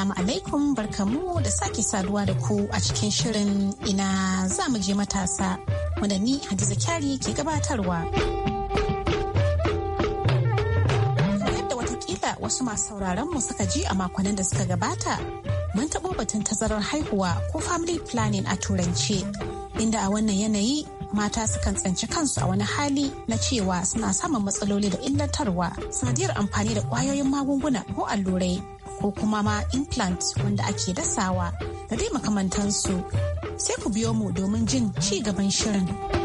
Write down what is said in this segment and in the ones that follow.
Assalamu alaikum barkamu da sake saduwa da ku a cikin shirin ina za mu je matasa wanda ni Hadiza Kyari ke gabatarwa. Yadda watakila wasu masu sauraron mu suka ji a makonnin da suka gabata mun taɓo batun tazarar haihuwa ko family planning a turance inda a wannan yanayi mata sukan tsanci kansu a wani hali na cewa suna samun matsaloli da illatarwa sanadiyar amfani da kwayoyin magunguna ko allurai ko kuma ma implant wanda ake dasawa da dai makamantansu sai ku biyo mu domin jin ci gaban shirin.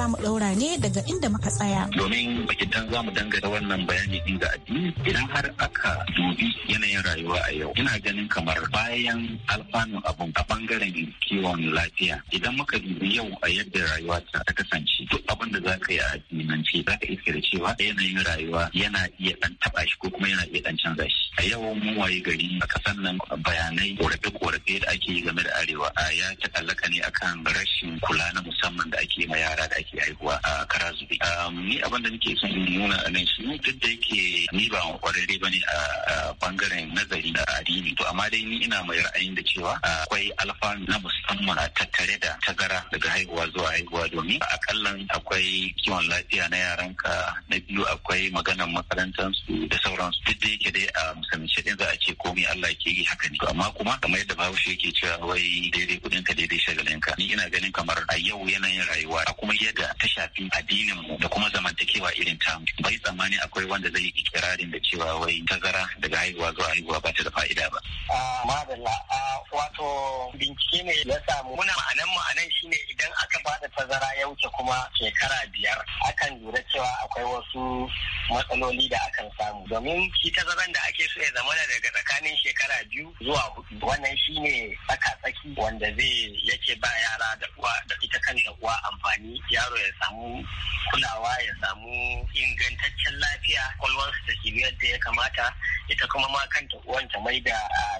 za mu ɗaura ne daga inda muka tsaya. Domin bakitan za mu dangata wannan bayani din ga addini idan har aka dubi yanayin rayuwa a yau ina ganin kamar bayan alfanun abun a bangaren kiwon lafiya idan muka dubi yau a yadda rayuwa ta kasance duk abin da za ka yi a addinance za ka iska da cewa yanayin rayuwa yana iya dan taba shi ko kuma yana iya dan canza shi a yau mun waye gari a kasan nan bayanai korafe-korafe da ake yi game da arewa a ya ta'allaka ne akan rashin kula na musamman da ake ma yara da ake ake aikuwa a Karazube. Um, ni abin da nake son in nuna a nan shi duk da yake ni ba kwararre ba ne a bangaren nazari da addini to amma dai ni ina mai ra'ayin da cewa akwai alfanu na musamman a tattare da tagara daga haihuwa zuwa haihuwa domin akallan akwai kiwon lafiya na yaranka na biyu akwai maganar makarantansu da sauransu duk da yake dai a musamman din za a ce komai Allah ke yi haka ne amma kuma kamar yadda bahaushe yake cewa wai daidai kudin ka daidai shagalin ka ni ina ganin kamar a yau yanayin rayuwa a kuma tarbiyya da ta shafi addinin mu da kuma zamantakewa irin ta bai tsammani akwai wanda zai yi ikirarin da cewa wai tazara daga haihuwa zuwa haihuwa ba ta da fa'ida ba. Ah, madalla ah, wato bincike ne ya samu muna ma'anan ma'anan shine idan aka ba da tazara ya wuce kuma shekara biyar akan lura cewa akwai wasu matsaloli da akan samu domin shi tazaran da ake so ya zama daga tsakanin shekara biyu zuwa hudu wannan shine tsaka tsaki wanda zai yake ba yara da uwa da ita kanta uwa amfani ya yaro ya samu kulawa ya samu ingantaccen lafiya kwalwarsa ta kimiyya yadda ya kamata ita kuma ma kanta uwan ta mai da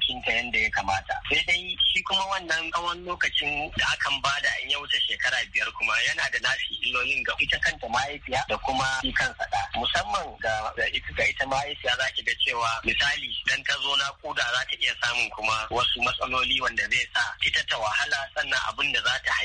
kinta yadda ya kamata sai dai shi kuma wannan tsawon lokacin da akan bada in ya wuce shekara biyar kuma yana da nashi illolin ga ita kanta mahaifiya da kuma shi kan da musamman ga ita ita mahaifiya za ki ga cewa misali dan ta zo naƙuda za ta iya samun kuma wasu matsaloli wanda zai sa ita ta wahala sannan abin da za ta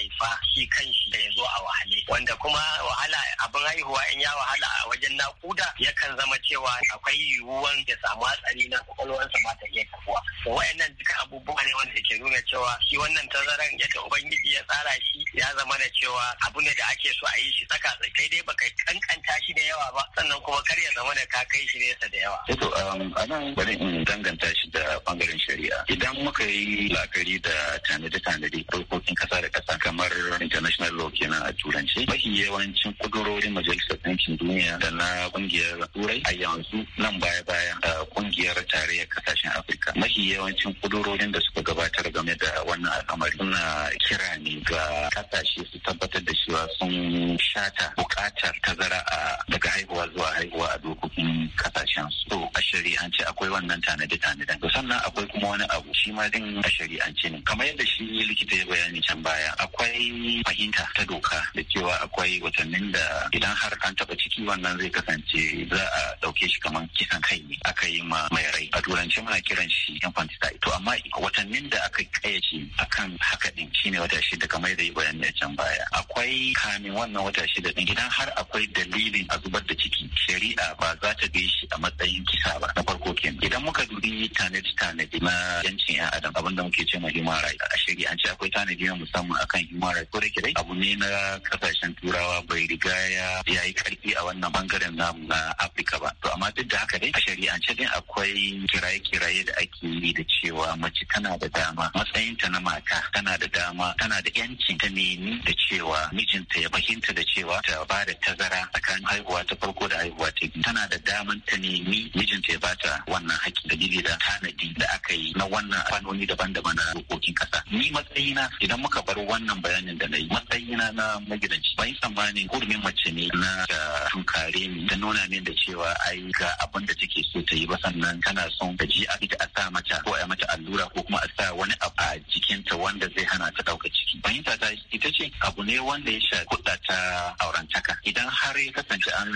shi shi da ya zo a wahale wanda kuma wahala abin haihuwa in ya wahala a wajen nakuda yakan zama cewa akwai yiwuwan ya samu hatsari na kwakwalwarsa ma ta iya kafuwa wayannan duka abubuwa ne wanda ke nuna cewa shi wannan tazaran yadda ubangiji ya tsara shi ya zama da cewa abu ne da ake so a yi shi tsaka kai dai baka kankanta shi da yawa ba sannan kuma kar ya zama da ka kai shi nesa da yawa. Eto um, a nan bari in danganta shi da bangaren shari'a idan muka yi la'akari da tanade-tanade dokokin kasa da kasa kamar international law kenan a Turanci, mafi yawancin kudurorin majalisar ɗinkin duniya da na kungiyar turai a yanzu nan baya-baya da kungiyar tarayyar kasashen afirka mafi yawancin kudurorin da suka gabatar game da wannan al'amari suna kira ne ga kasashe su tabbatar da cewa sun shata bukatar tazara a daga haihuwa zuwa haihuwa a dokokin kasashen su to a shari'ance akwai wannan tanadi tanadan to sannan akwai kuma wani abu shi ma din a shari'ance ne kamar yadda shi likita ya bayani can baya akwai fahimta ta doka da cewa akwai watannin da idan har an taba ciki wannan zai kasance za a dauke shi kamar kisan kai ne aka yi ma mai rai a turance muna kiran shi infanticide to amma watannin da aka kayace akan haka din shine wata shida kamar yadda ya bayani na can baya akwai kamin wannan wata shida din Idan har akwai dalilin a zubar da ciki shari'a ba za ta bi shi a matsayin kisa ba na farko kenan idan muka dubi tanadi tanadi na yancin yan adam abin da muke cewa ma human rights a shari'ance akwai tanadi na musamman akan human rights ko da ke abu ne na kasashen turawa bai riga ya yi karfi a wannan bangaren namu na afirka ba to amma duk da haka dai a shari'ance din akwai kiraye-kiraye da ake yi da cewa mace tana da dama matsayinta na mata tana da dama tana da yancin ta ne nemi da cewa mijinta ya fahimta da cewa ta ba da tazara tsakanin haihuwa ta farko da haihuwa ta biyu tana da daman ta nemi mijinta ya bata wannan haƙƙi da dalili da tanadi da aka yi na wannan fanoni daban-daban na dokokin ƙasa ni matsayina idan muka bar wannan bayanin da na yi matsayina na magidanci yi tsammanin hurumin mace ne na ta tunkare ni ta nuna min da cewa ai ga abin da take so ta yi ba sannan tana son ta ji a ita a sa mata ko a mata allura ko kuma a sa wani abu a jikinta wanda zai hana ta ɗauka ciki fahimta ta ita ce abu ne wanda ya sha kuɗa ta aurantaka idan har ya kasance an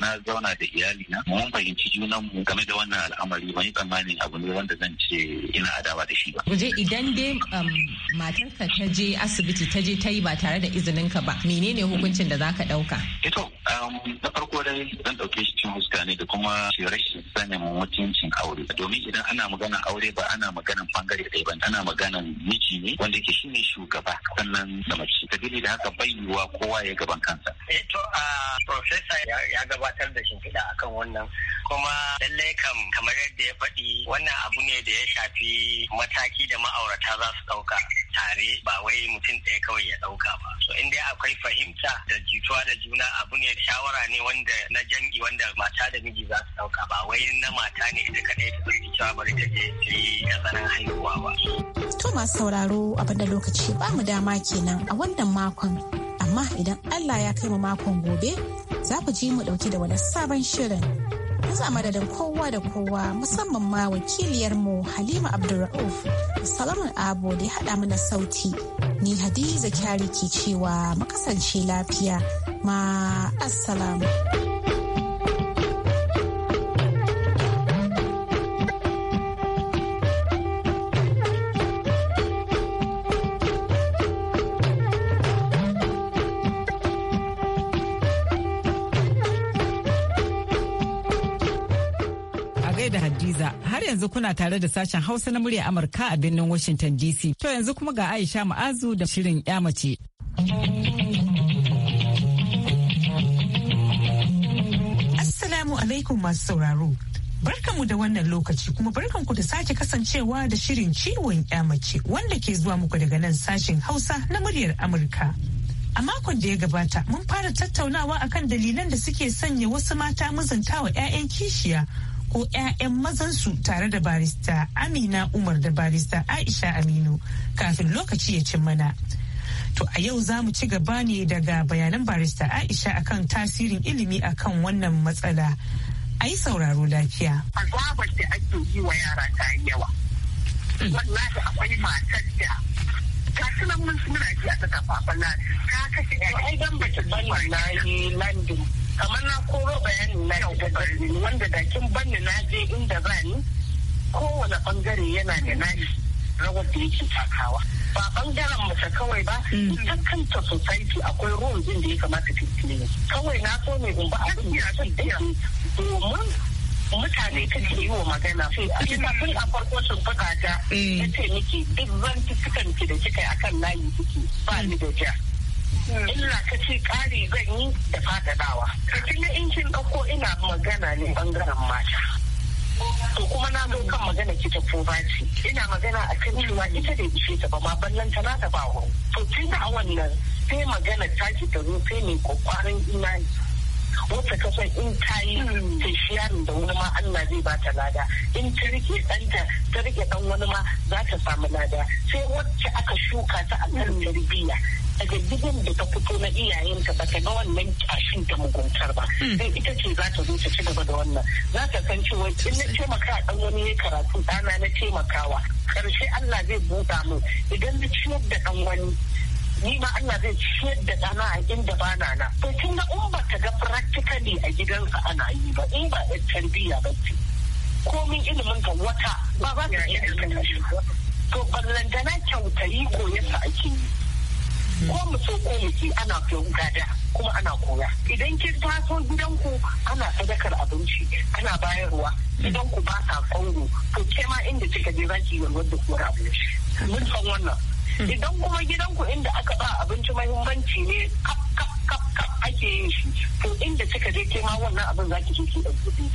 na zauna da iyali na mun fahimci junan mu game da wannan al'amari ban yi tsammanin abu ne wanda zan ce ina adawa da shi ba. Waje idan dai um, matarka ta je asibiti ta je ta yi ba tare da izinin ka ba menene hukuncin da zaka ɗauka? Ito um, na farko dai zan ɗauke shi cikin huska ne da kuma rashin sanin mutuncin aure domin idan ana magana aure ba ana maganan bangare ɗaya ba ana maganan miji ne wanda ke shi ne shugaba sannan da mace dalilin da haka bai yiwuwa kowa ya gaban kansa. eh to a ah, profesa ya gabatar da shimfiɗa akan wannan kuma lallai kam kamar yadda ya faɗi wannan abu ne da ya shafi mataki da ma'aurata za su ɗauka tare ba wai mutum ɗaya kawai ya ɗauka ba so in dai akwai fahimta da jituwa da juna abu ne shawara ne wanda na jangi wanda mata da miji za su ɗauka ba wai na mata ne ita kaɗai ta ɗauki cewa bari ta je ta yi nazarin haihuwa ba. to masu sauraro abin da lokaci ba mu dama kenan a wannan makon amma idan Allah ya kai mu makon gobe za ku ji mu ɗauki da wani sabon shirin yanzu a madadin kowa da kowa musamman ma wakiliyarmu halima abdulra'uf salamun abu da ya haɗa mana sauti ni hadiza kyari ke cewa makasance lafiya ma assalamu da Hadiza. Har yanzu kuna tare da sashen Hausa na murya Amurka a birnin Washington DC. To yanzu kuma ga Aisha Ma'azu da shirin yamace. mace. Assalamu alaikum masu sauraro. Barkanmu da wannan lokaci kuma barkanku da sake kasancewa da shirin ciwon mace wanda ke zuwa muku daga nan sashen Hausa na muryar Amurka. A makon da ya gabata mun fara tattaunawa akan dalilan da suke sanya wasu mata mazantawa 'ya'yan kishiya sako 'ya'yan mazansu tare da barista amina umar da barista aisha aminu kafin lokaci ya cin mana to a yau za mu ci gaba ne daga bayanan barista aisha akan tasirin ilimi akan wannan matsala a yi sauraro lafiya azabar da ake yi wa yara ta yawa hmm. wallahi akwai matar da nan mun suna ji a ta kafafa na ta kashe ai dan bata bani na yi landin kamar na koro bayani na yau wanda da kin banni na je inda ba ni kowane bangare yana da nashi rawar da yake takawa ba bangaren mace kawai ba mm. ta kanta society akwai ruwan jin da ya kamata ta yi kawai na so ne in ba a ya domin mutane ta ke yi wa magana sai mm. a ina a farko sun fuka ta mm. ya ce miki duk zan cikin da kika yi akan layi kike ba ni da ja Ina ta ce ƙari zan yi da fadadawa kafin na injin ɗauko ina magana ne bangaren mata to kuma na zo kan magana kita ko ina magana a kan cewa ita da ishe ta ba ma ballan ta na ta ba to tun da wannan sai magana ta ki ta zo sai mai kokarin imani Wata ka in ta yi sai da wani ma Allah zai ba ta lada in ta rike ɗanta ta rike ɗan wani ma za ta samu lada sai wacce aka shuka ta a kan mm. tarbiyya daga gidan da ta fito na iyayenta ba ta ga wannan kyashin da muguntar ba mm. sai ita ce za ta zo ta ci gaba da wannan za ta san cewa in na taimaka a dan wani ya karatu ɗana na taimakawa karshe Allah zai buɗa mu idan na ciyar da ɗan wani ni ma Allah zai ciyar da ɗana a inda ba na na to tun da in ba ka ga practically a gidansa ana yi ba in ba ɗan tarbiyya ba ce komin ilimin ka wata ba ba ka iya shi to ballantana kyautayi sa ake yi ko mu so ko mu ci ana koyon gada kuma ana koya idan kin taso gidanku ana sadakar abinci ana bayarwa idan ku ba sa kongo to ke ma inda kika je zaki yi wanda ku abinci mun san wannan idan kuma gidanku inda aka ba abinci mahimmanci ne kap kap kap kap ake yin shi to inda kika je ke wannan abin za ki je da ɗauki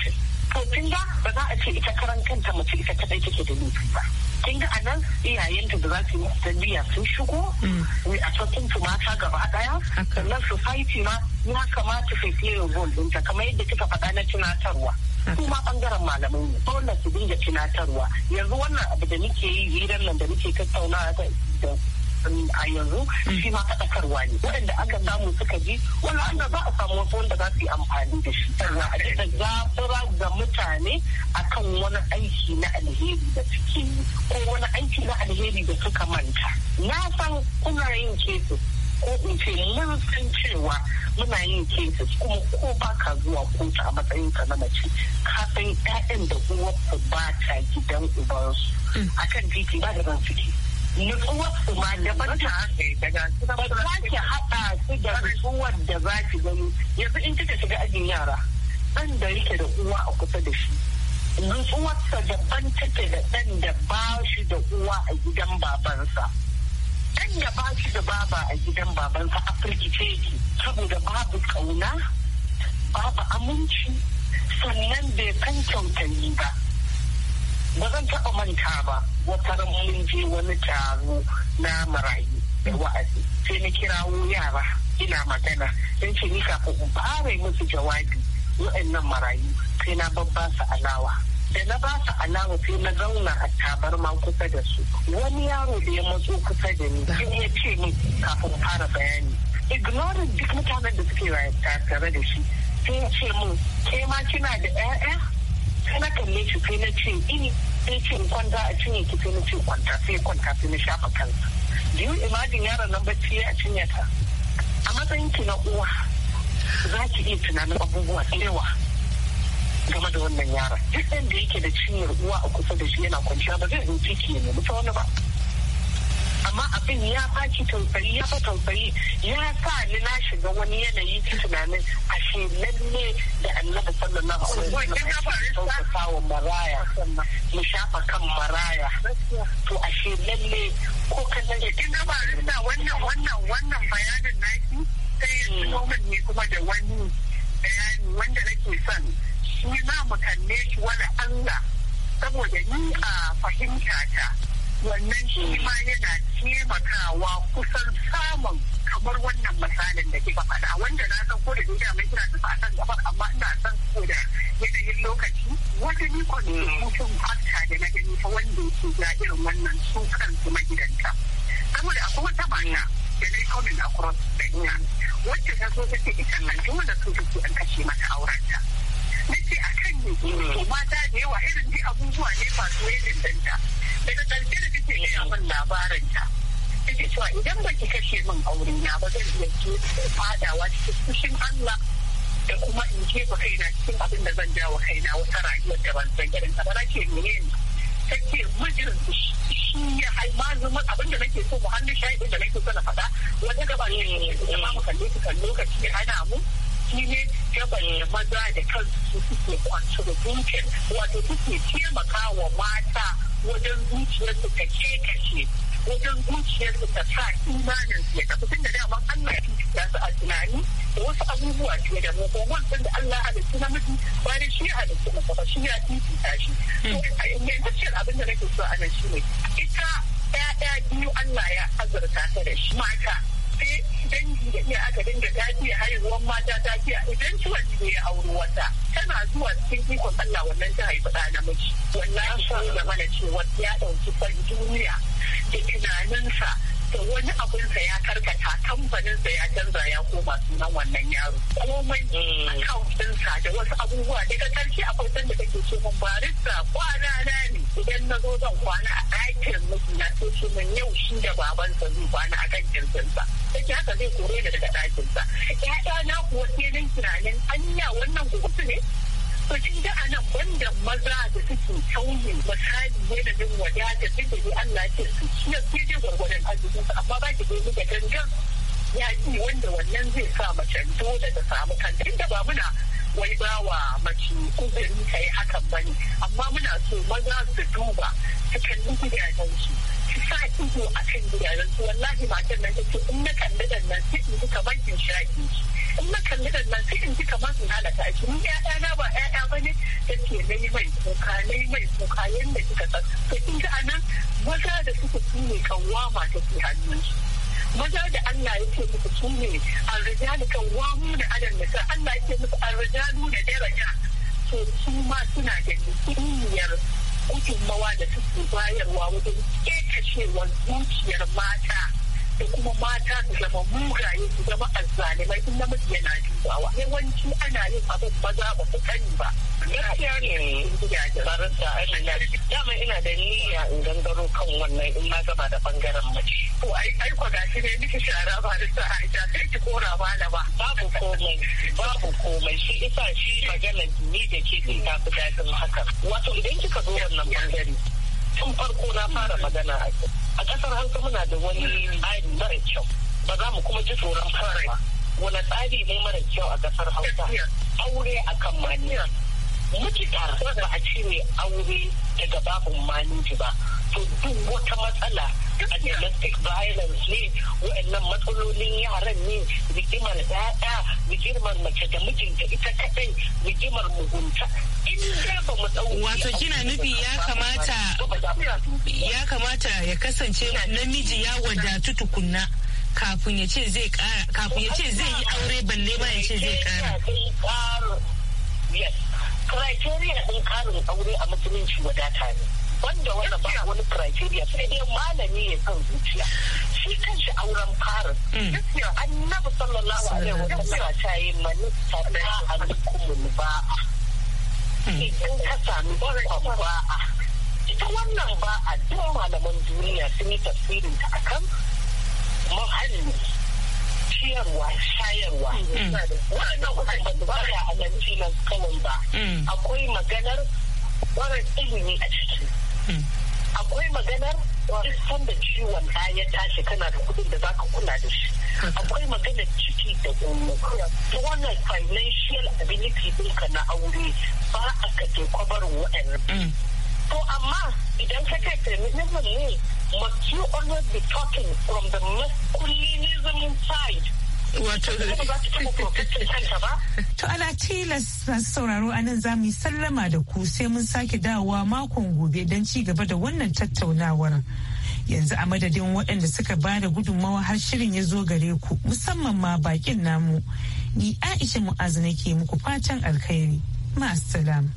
to kin ga ba za a ce ita karan kanta mace ita kadai take da laifi ba kin ga anan iyayenta da za su yi tarbiyya sun shigo mm. a cikin su mata gaba daya sannan society ma ya kamata su fiye role ɗinta kamar yadda kika faɗa na tunatarwa kuma bangaren malamai ne dole su dinga tunatarwa yanzu wannan abu da muke yi gidan nan da muke tattaunawa ko a yanzu mm. shi ma faɗakarwa ne waɗanda aka samu suka ji wani an za a samu wasu wanda za su yi amfani da shi sannan a daɗa zafura ga mutane akan wani aiki na alheri da suke yi ko wani aiki na alheri da suka manta na san kuna yin kesu ko in ce mun san cewa muna yin kesu kuma ko ba ka zuwa kotu a matsayin ka na mace ka san 'ya'yan da uwarsu ba ta gidan ubansu mm. kan titi ba da ban suke nutsuwar su ma daban ta ba za haɗa su da nutsuwar da za ki gani yanzu in kika shiga ajin yara ɗan da yake da uwa a kusa da shi nutsuwarsa daban take da ɗan da ba shi da uwa a gidan babansa ɗan da ba shi da baba a gidan babansa a firgice yake saboda babu ƙauna babu aminci sannan bai kan kyautani ba ba zan taɓa manta ba wata mun je wani taro na marayu da wa'azi sai na kirawo yara ina magana in ce ni kafin in fara musu jawabi wa'annan marayu sai na babba su alawa da na ba su alawa sai na zauna a tabarma kusa da su wani yaro da ya matso kusa da ni sai ya ce ni kafin fara bayani ignoring duk mutanen da suke tare da shi sai ya ce min ke ma kina da 'ya'ya sai na kalle shi sai na ce ini sai ce kwanta a cinye ki sai na ce kwanta sai kwanta sai na shafa kansa biyu imajin yaron nan bacci ya cinye ta a matsayin ki na uwa za ki iya tunanin abubuwa da game da wannan yaron duk da yake da cinyar uwa a kusa da shi yana kwanciya ba zai zo ki ya nemi ta wani ba amma abin ya baki tausayi ya ba tausayi ya sa ni na shiga wani yanayi ta tunanin a ashe lalle da annabi sallallahu alaihi wa sallam ya fara faru maraya mu shafa kan maraya to a ashe lalle ko kana da kin gaba da wannan wannan wannan bayanin naki sai yanzu ne kuma da wani bayani wanda nake son shi na mu kalle shi wani Allah saboda ni a fahimta ta wannan shi ma yana taimakawa kusan samun kamar wannan misalin da kika faɗa wanda na san ko da duniya mai kira ta fatan gabar amma ina san ko da yanayin lokaci wata ni ko mutum fakta da na gani ta wanda yake ga irin wannan su kansu magidanta saboda akwai wata manya da na coming across ina, wacce ta zo ta ce ita nan wanda su take an kashe mata aurenta na ce a kan ne mata da yawa irin dai abubuwa ne masu su yi daga ƙarshe da take ne abin labarin ta take cewa idan ba ki kashe min aure na ba zan iya ke fadawa cikin fushin Allah da kuma in jefa kaina cikin abin da zan jawo kaina wata rayuwar da ban san irin ta ba nake menene take mijin shi ya haimazu abin da nake so mu hannu da nake so na faɗa wata gaban ne da ma mu kan lokaci Ana mu shi ne gaban maza da kansu suke kwanci da wato suke taimaka wa mata wajen zuciyar ta ce kashe wajen zuciyar ta sa imanin su ya tafi tun da daman Allah ya cuta su a tunani da wasu abubuwa fiye da mu ko wancan da Allah halittu namiji bayan shi halittu na kafa shi ya fifita shi. Yanzu hmm. abin da nake so a nan shi ne ita ‘ya'ya biyu Allah ya azurta ta da shi mata dangi da iya aka dinga tafiya haihuwar mata tafiya idan ciwon ne ya auri wata tana zuwa cikin ikon Allah wannan ta haifi ɗa namiji wallahi ko da mana cewa ya ɗauki fan duniya da tunaninsa Ka wani sa ya karkata kamfaninsa ya canza ya koma sunan wannan yaro komai mm. sa da wasu abubuwa daga ƙarshe akwai sanda kake so mun barista kwana na ne idan na zo zan kwana a ɗakin musu na so shi mun yau shi da babansa zai kwana a kan kirjinsa take haka zai kore da daga ɗakinsa ƴaƴana kuwa sai tunanin anya wannan gugutu ne to kin ga anan banda maza da suke sauyi misali yanayin wadata duk da Allah ke su shi ya ce gwargwadon arzikin su amma ba ki ga muka dangan yaƙi wanda wannan zai sa mace dole ta samu kanta inda ba muna wai ba wa mace uzuri ta yi hakan ba ne amma muna so maza su duba cikin gidajen su su sa ido a kan gidajen su wallahi matan nan ta ce in na kalli nan sai in kamar in shaƙi shi in na kalli da nan sai in ji kamar in halata a cikin ƴaƴa na ba ƴaƴa ba ne da ke na yi mai kuka na yi mai kuka yadda kika san to kin ga anan maza da suka su ne kawama take hannun su maza da Allah ya ce muku su ne arrijalu kawamu da alal nisa Allah ya ce muku arrijalu da daraja to su ma suna da kimiyyar gudunmawa da suke bayarwa wajen ƙetacewar zuciyar mata da kuma mata su zama mugaye su zama azzalimai in namiji yana dubawa yawanci ana yin abin maza ba su sani ba gaskiya ne gidaje barista amina dama ina da niyya in gangaro kan wannan in ma gaba da bangaren mace ko ai ai ko ga shi ne miki shara barista aisha sai ki kora bala ba babu komai babu komai shi isa shi magana ni da ke ta fi dadin haka wato idan kika zo wannan bangare tun farko na fara magana a kasar hausa muna da wani tsari mara kyau ba za mu kuma ji tsoron fara ba wani tsari ne mara kyau a kasar hausa aure a kan maniya mutukar ba a cire aure daga babin maniji ba to duk wata matsala a domestic violence ne wa'annan matsalolin yaran ne rigimar ɗaya rigimar mace da mijinta ita kaɗai rigimar mugunta wato kina nufi ya kamata ya kamata ya kasance namiji ya wadatu tukunna kafin ya ce zai kafin ya ce zai yi aure balle ma ya ce zai kara criteria ɗin karin aure a musulunci wadata ne wanda wanda ba wani criteria sai dai malami ya san zuciya shi shi auren karin hmm. annabi sallallahu alaihi wa sallam ta yi mani ta alkumun ba'a hmm. idan ka sami kwakwa ba'a ita wannan ba'a duk malaman duniya sun yi tafsirin ta akan muhalli ciyarwa shayarwa wannan mm. wannan ba da a nan kawai ba mm. akwai maganar wani ilimi a ciki mm. akwai maganar wani sanda ciwon ya tashi kana da kudin da zaka kula da shi akwai maganar ciki da goyo ta wannan financial ability ɗinka na aure ba a kake kwabar kwabarin to amma idan ka kai feminism ne must you always be talking from the masculinism side To ana tilas sauraro a nan za mu yi sallama da ku sai mun sake dawowa makon gobe don ci gaba da wannan tattaunawar. Yanzu a madadin waɗanda suka ba da gudunmawa har shirin ya zo gare ku musamman ma bakin namu. Ni Aisha Mu'azu nake muku fatan alkhairi. Ma'asalam.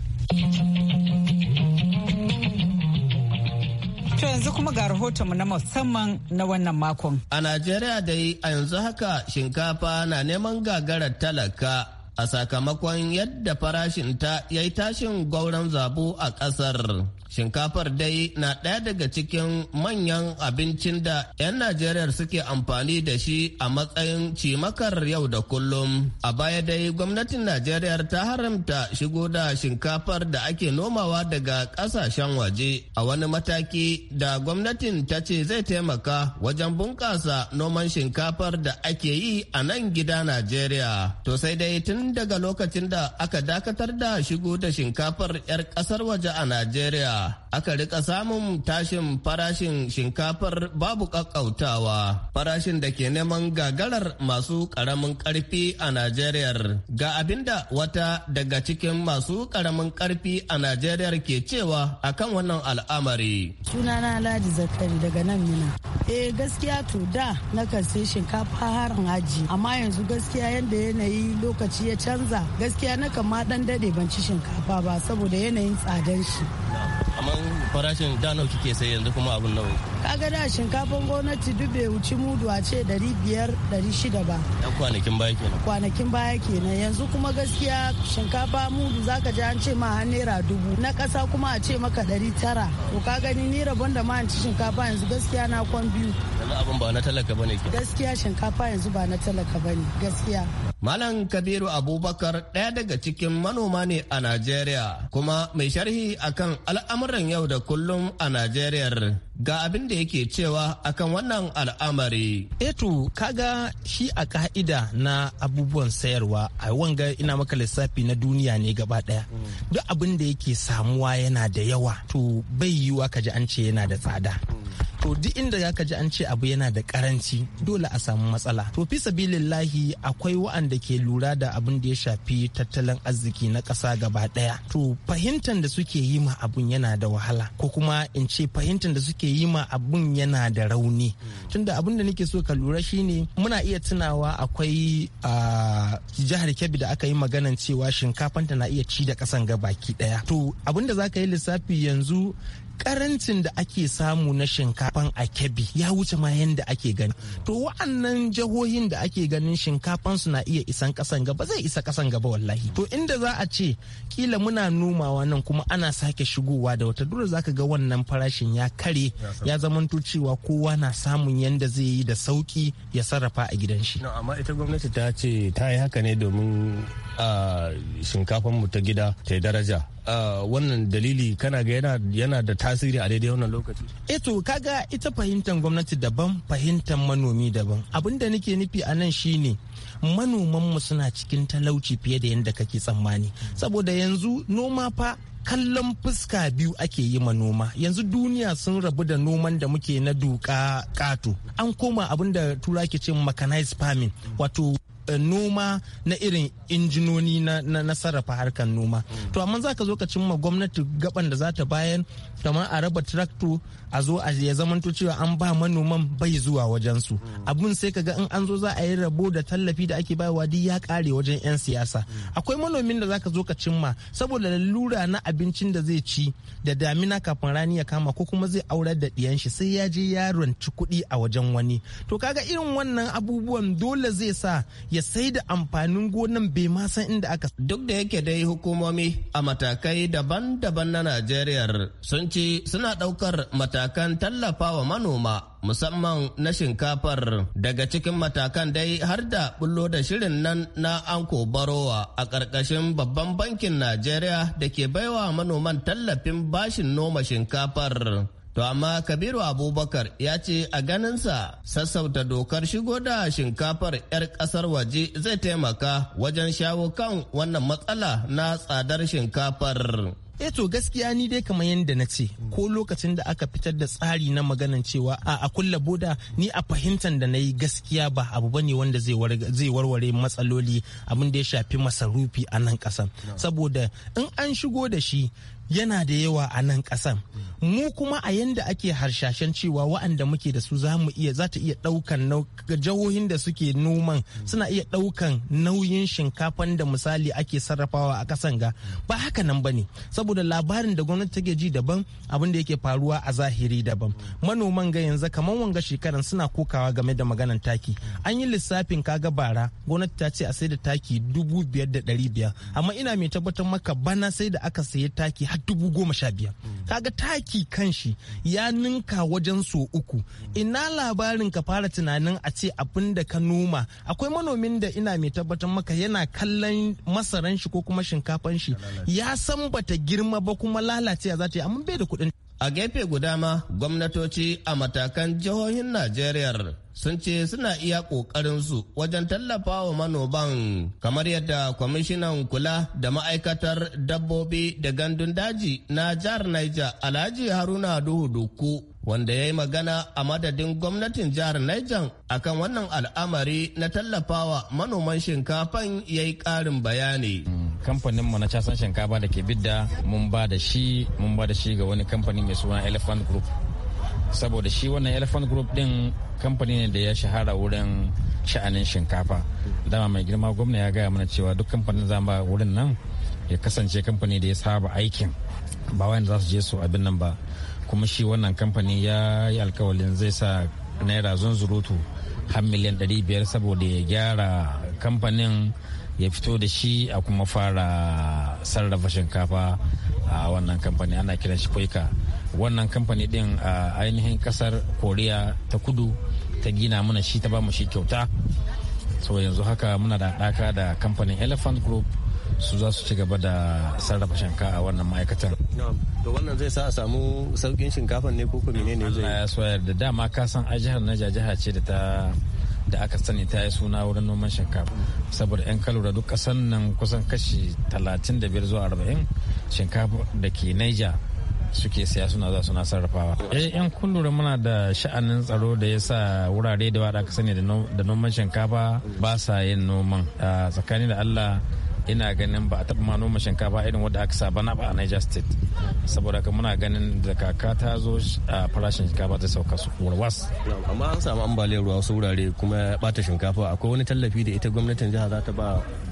To yanzu kuma ga rahotonmu na musamman na wannan makon. A Najeriya dai a yanzu haka shinkafa na neman gagarar talaka a sakamakon yadda farashinta ya yi tashin gwauron zabo a ƙasar. Shinkafar dai na ɗaya daga cikin manyan abincin da 'yan Najeriya suke amfani da shi a matsayin cimakar yau da kullum. A baya dai gwamnatin Najeriya ta haramta shigo da shinkafar da ake nomawa daga ƙasashen waje a wani mataki da gwamnatin ta ce zai taimaka wajen bunƙasa noman shinkafar da ake yi a nan gida Najeriya. To sai dai tun daga lokacin da aka dakatar da shigo da shinkafar 'yar ƙasar waje a Najeriya. uh, aka rika samun tashin farashin shinkafar babu kakkautawa farashin da ke neman gagarar masu karamin karfi a Najeriya. Ga abinda wata daga cikin masu karamin karfi a Najeriya ke cewa kan wannan al'amari. Sunana Ladi Zakari daga nan Mina. Eh gaskiya to da na kan sai shinkafa harin haji amma yanzu gaskiya yadda yanayi lokaci ya canza gaskiya na kan ma dan dade ban ci shinkafa ba saboda yanayin tsadan shi. Amma farashin da nawa kike sai yanzu kuma abun nawa kaga da shinkafan gwamnati duk bai wuci mudu a ce 500 biyar shida ba yan kwanakin baya kenan kwanakin baya kenan yanzu kuma gaskiya shinkafa mudu zaka ji an ce ma har naira dubu na ƙasa kuma a ce maka 900. tara to ka gani ni rabon da ma an ci shinkafa yanzu gaskiya na kwan biyu yanzu abun ba na talaka bane gaskiya shinkafa yanzu ba na talaka bane gaskiya Malam Kabiru Abubakar ɗaya daga cikin manoma ne a Najeriya kuma mai sharhi akan al'amuran yau da kullum a Najeriya. Ga abin da yake cewa akan wannan al'amari. Eto, kaga shi a ka'ida na abubuwan sayarwa a wanga ina maka lissafi na duniya ne gaba daya. Duk abin da yake samuwa yana da yawa to bai yiwuwa ka ji an ce yana da tsada. to duk inda zaka ji an ce abu yana da karanci dole a samu matsala to fi sabilillahi akwai wa'anda ke lura da abin da ya shafi tattalin arziki na ƙasa gaba ɗaya to fahimtar da suke yi ma abun yana da wahala ko kuma in ce fahimtar da suke yi ma abun yana da rauni tunda abin da nake so ka lura shine muna iya tunawa akwai a jihar Kebbi da aka yi maganan cewa shinkafanta na iya ci da ƙasan gabaki ɗaya to abin da zaka yi lissafi yanzu karancin da ake samu na shinkafan a kebbi ya wuce ma yadda ake gani to wa'annan jihohin da ake ganin shinkafan su na iya isan kasan gaba zai isa kasan gaba wallahi to inda za a ce kila muna nomawa nan kuma ana sake shigowa da wata dole zaka ga wannan farashin ya kare ya zamanto cewa kowa na samun yadda zai yi da sauki ya sarrafa a gidan shi amma ita gwamnati ta ce ta yi haka ne domin ah, shinkafan mu ta gida ta daraja wannan dalili kana ga yana da tasiri a daidai wannan lokaci eto eh kaga ita fahimtar gwamnati daban fahimtar manomi daban abin da nake nufi a nan shine manoman mu suna cikin talauci fiye da yadda kake tsammani saboda yanzu noma fa kallon fuska biyu ake yi manoma yanzu duniya sun rabu da noman da muke na duka kato an koma abin da tura ke ce mechanized farming wato Eh, noma na irin injinoni na sarrafa harkar noma hmm. to amma za ka zo ka cimma gwamnati gaban da za ta bayan kamar a raba tractor a zo a ya zamanto cewa an ba manoman bai zuwa wajensu hmm. abun sai ka ga in an zo za a yi rabo da tallafi da ake bayarwa duk ya kare wajen 'yan siyasa hmm. akwai manomin da za ka zo ka cimma saboda lura na abincin da zai ci da damina kafin rani ya kama ko kuma zai aurar da ɗiyan shi sai ya je yaron ci kuɗi a wajen wani to kaga irin wannan abubuwan dole zai sa ya ya sai da amfanin gonan bai ma san inda aka duk da yake dai hukumomi a matakai daban-daban na Najeriya sun ci suna ɗaukar matakan tallafawa manoma musamman na shinkafar daga cikin matakan dai har da bullo da shirin nan na anko barowa a ƙarƙashin babban bankin najeriya da ke baiwa manoman tallafin bashin noma shinkafar To amma Kabiru Abubakar ya ce a ganinsa sassauta dokar shigo da shinkafar 'yar ƙasar waje zai taimaka wajen shawo kan wannan matsala na tsadar shinkafar. e to gaskiya ni dai kamar yadda na ce ko lokacin da aka fitar da tsari na maganan cewa a a kulla boda ni a fahimtar da na yi gaskiya ba abu bane wanda zai warware matsaloli abin da ya shafi masarufi a nan kasan saboda in an shigo da shi yana da yawa a nan kasan mu kuma a yanda ake harshashen cewa wa'anda muke da su za mu iya za ta iya ɗaukan jihohin da suke noman suna iya ɗaukan nauyin shinkafan da misali ake sarrafawa a kasan ga ba haka nan ba ne saboda labarin da gwamnati take ji daban abin da yake faruwa a zahiri daban manoman ga yanzu kamar wanga shekaran suna kokawa game da maganan taki an yi lissafin kaga bara gwamnati ta ce a sai da taki dubu biyar da ɗari biyar amma ina mai tabbatar maka bana sai da aka sayi taki dubu goma sha biyar kaga taki kanshi ya ninka wajen so uku ina labarin ka fara tunanin a ce abin da ka noma akwai manomin da ina mai tabbatar maka yana kallon masaran shi ko kuma shinkafan shi ya san bata girma ba kuma lalacewa za ta yi amma bai da kuɗin A gefe guda ma gwamnatoci a matakan jihohin Najeriya sun ce suna iya su wajen tallafa wa manoban kamar yadda kwamishinan kula da ma'aikatar dabbobi da gandun daji na jihar Niger Alhaji Haruna Duhu Duku wanda ya yi magana a madadin gwamnatin jihar Niger akan wannan al'amari na tallafawa manoman shinkafan ya yi ƙarin bayani. kamfanin mu na casan shinkafa da ke bidda mun ba da shi mun ba da shi ga wani kamfani mai suna elephant group saboda shi wannan elephant group din kamfani ne da ya shahara wurin sha'anin shinkafa dama mai girma gwamna ya gaya mana cewa duk kamfanin za ba wurin nan ya kasance kamfani da ya saba aikin ba wanda za su je su abin nan ba kuma shi wannan kamfani ya yi alkawalin zai sa naira zunzurutu har miliyan 500 saboda ya gyara kamfanin ya fito da shi a kuma fara sarrafa shinkafa a wannan kamfani ana kiran shi kwaika wannan kamfani din a ainihin kasar koriya ta kudu ta gina mana shi ta bamu shi kyauta so yanzu haka muna da haɗaka da kamfanin elephant group su za su ci gaba da sarrafa shinkafa a wannan ma'aikatar da wannan zai sa a samu saukin shinkafan ne ko kuma ne ne zai ya so yarda dama ka san a jihar naija jiha ce da ta da aka sani ta yi suna wurin noman shinkafa saboda 'yan kalura duk kasan nan kusan kashi 35 zuwa 40 shinkafa da ke naija suke siya suna za suna sarrafawa eh yan kullura muna da sha'anin tsaro da ya sa wurare da wada aka sani da noman shinkafa ba sa yin noman ah, tsakani da allah ina ganin ba a taɓa ma noma shinkafa irin wadda aka saba na ba a Niger State saboda ka muna ganin da kaka ta zo a farashin shinkafa ta sauka su was. amma an samu ambaliyar ruwa wasu wurare kuma bata shinkafa akwai wani tallafi da ita gwamnatin jiha za ta ba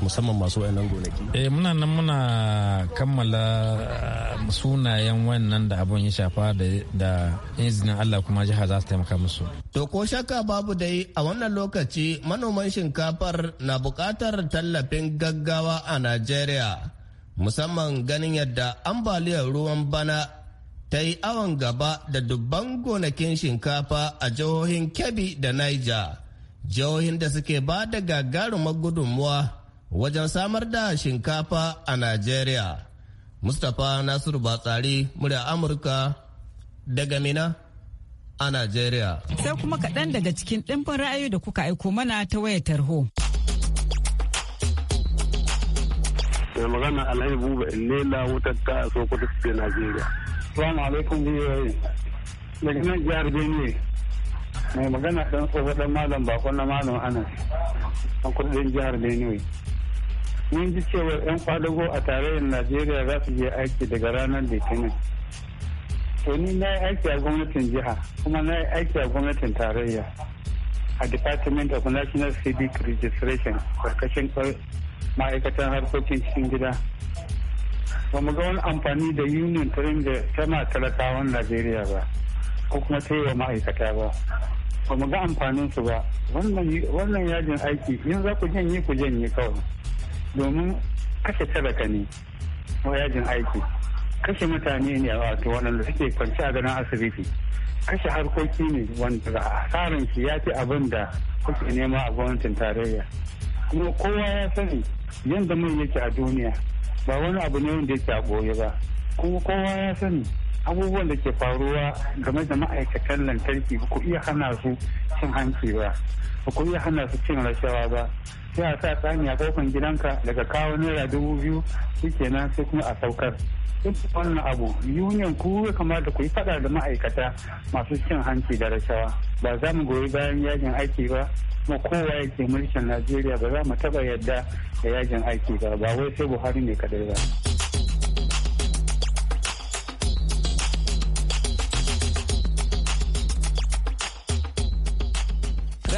musamman masu wayannan gonaki eh muna nan muna kammala sunayen wannan da abun ya shafa da izinin Allah kuma jiha za ta taimaka musu to ko shakka babu dai a wannan lokaci manoman shinkafar na buƙatar tallafin gaggawa a Najeriya, musamman ganin yadda ambaliyar ruwan bana ta yi awon gaba da dubban gonakin shinkafa a jihohin Kebbi da Niger, jihohin da suke ba da gagarumar gudunmuwa wajen samar da shinkafa a Najeriya. Mustapha Nasiru Batsari, murya Amurka, daga Mina. a Najeriya. Sai kuma kaɗan daga cikin ɗimbin ra'ayoyi da kuka aiko mana ta wayar tarho. Mai magana Alhaji Buba Ilela wutar ta a su State Najeriya. Salamu alaikum biyoyi. Daga nan jihar Benue. Mai magana ɗan tsoho ɗan malam bakon na malam Anas. An kudin jihar Benue. Mun ji cewa 'yan kwadago a tarayyar Najeriya za su je aiki daga ranar Litinin. To ni na yi aiki a gwamnatin jiha kuma na yi aiki a gwamnatin tarayya a Department of National Civic Registration karkashin ma'aikatan harkokin cikin gida ba mu ga wani amfani da union train da tana talakawan najeriya ba ko kuma yi wa ma'aikata ba ba mu ga amfanin su ba wannan yajin aiki yin za ku janye ku janye kawai domin kashe talaka ne wa yajin aiki kashe mutane ne wato da suke kwanci a ganin asibiti kashe harkoki ne wanda tsarin shi ya fi abin da kuke nema a gwamnatin tarayya kuma kowa ya sani yadda mai yake a duniya ba wani abu ne wanda yake a goye ba kuma kowa ya sani abubuwan da ke faruwa game da ma'aikatan lantarki ba ku iya hana su cin hanci ba ba ku iya hana su cin rashawa ba sai a sa tsani a kofan gidanka daga kawo naira dubu biyu kenan sai kuma a saukar wannan abu union ku ya kamata ku yi fada da ma'aikata masu cin hanci da rashawa ba za mu goyi bayan yajin aiki ba kuma kowa yake mulkin najeriya ba za mu taba yadda da yajin aiki ba ba wai sai buhari ne kadai ba.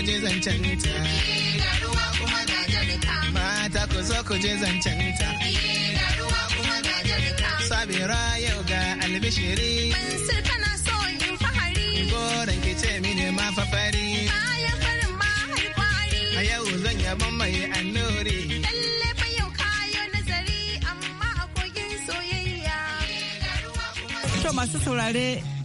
ku je zancen Mata ku zo ku je zancen Sabira yau ga albishiri. Mansur tana so in fahari. Goran ki mini ma fafari. farin ma A yau zan yabon mai annuri. masu saurare